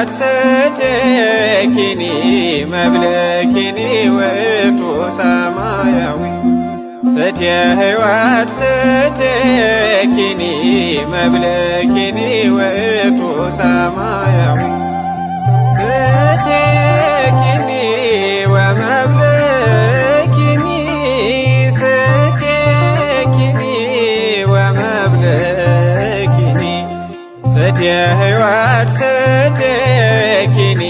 ቅድስትኪኒ መብልኪኒ ውእቱ ሰማያዊ ስትየ ሕይወት ስትኪኒ መብልኪኒ ውእቱ ሰማያዊ የህይወት ስጥኪኒ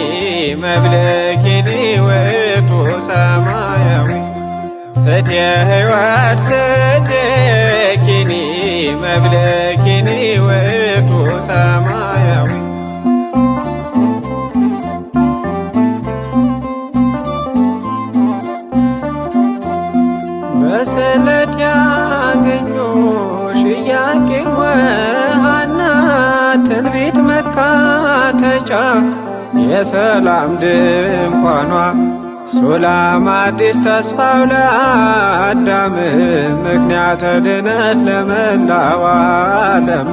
መብልኪኒ ውእቱ ሰማያዊ ስት የህይወት ስጥኪኒ መብልኪኒ ውእቱ ሰማያዊ በስለት ያገኙሽ እያቄወ መውጫ የሰላም ድንኳኗ ሱላም አዲስ ተስፋው ለአዳም ምክንያተ ድነት ለመላው ዓለም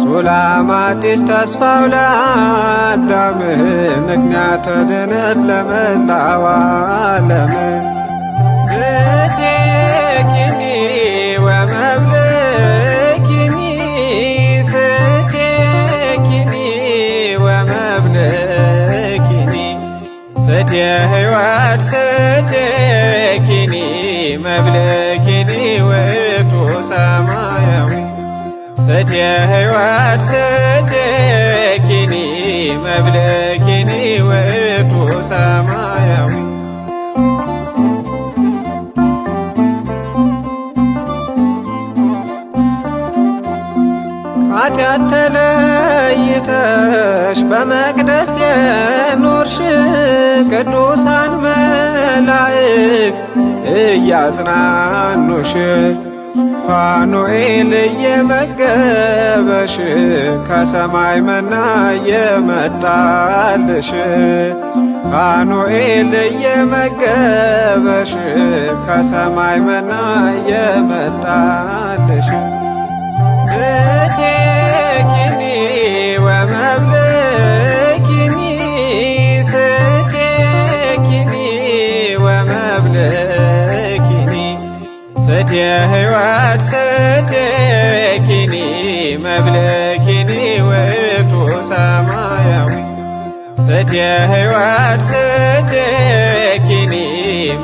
ሱላም አዲስ ተስፋው ለአዳም ምክንያተ ድነት ለመላው ዓለም መብለኪኒ መብለኪኒ ውእቱ ሰማያዊ ሰትየ ሕይወት ሰትየኪኒ መብለኪኒ ውእቱ ሰማያዊ ኃጢአት ተሽ በመቅደስ የኖርሽ ቅዱሳን መላእክት እያጽናኑሽ ፋኑኤል እየመገበሽ ከሰማይ መና እየመጣልሽ ፋኑኤል እየመገበሽ ከሰማይ መና እየመጣልሽ ሰማያዊ ስት የህይወት ስትኪኒ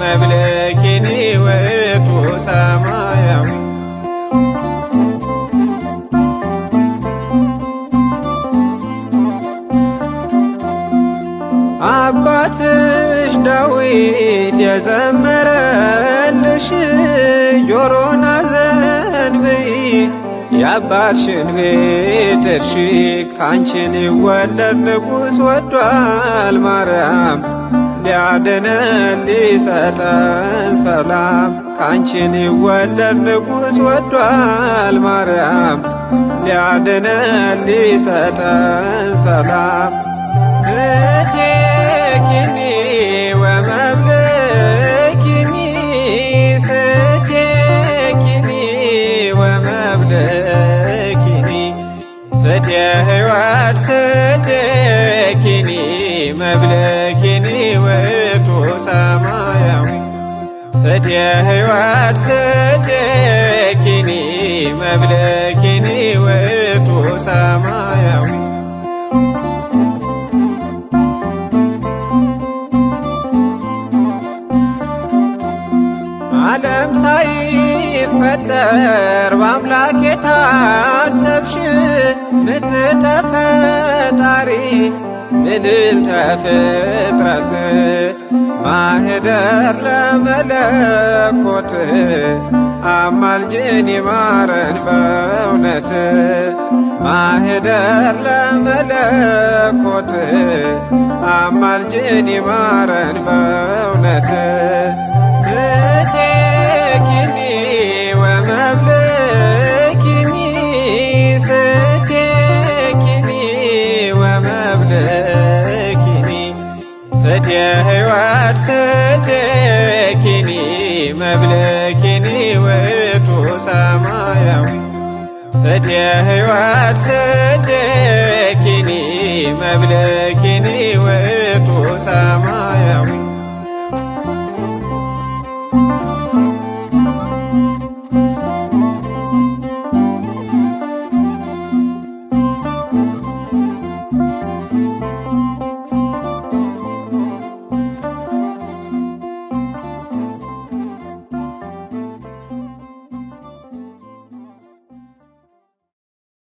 መብለኪኒ ውቱ ሰማያዊ አባትሽ ዳዊት የዘመረልሽ ጆሮና ዘንብይ የአባትሽን ቤት እርሺ ካንቺን ይወለድ ንጉሥ ወዷል ማርያም ሊያድነን ሊሰጠን ሰላም ካንቺን ይወለድ ንጉሥ ወዷል ማርያም ሊያድነን ሊሰጠን ሰላም የህይወት ስቴኪኒ መብለኪኒ ሰማያዊ ስት የህይወት መብለኪኒ ሰማያዊ ዓለም ሳይፈጠር በአምላክ የታሰብሽ ምትሕተ ፈጣሪ ተፍጥረት ፍጥረት ማኅደር ለመለኮት አማልጅን ይማረን በእውነት ማህደር ለመለኮት አማልጅን ይማረን በእውነት ስለ ሕይወት ስደኪኒ መብለኪኒ ውእቱ ሰማያዊ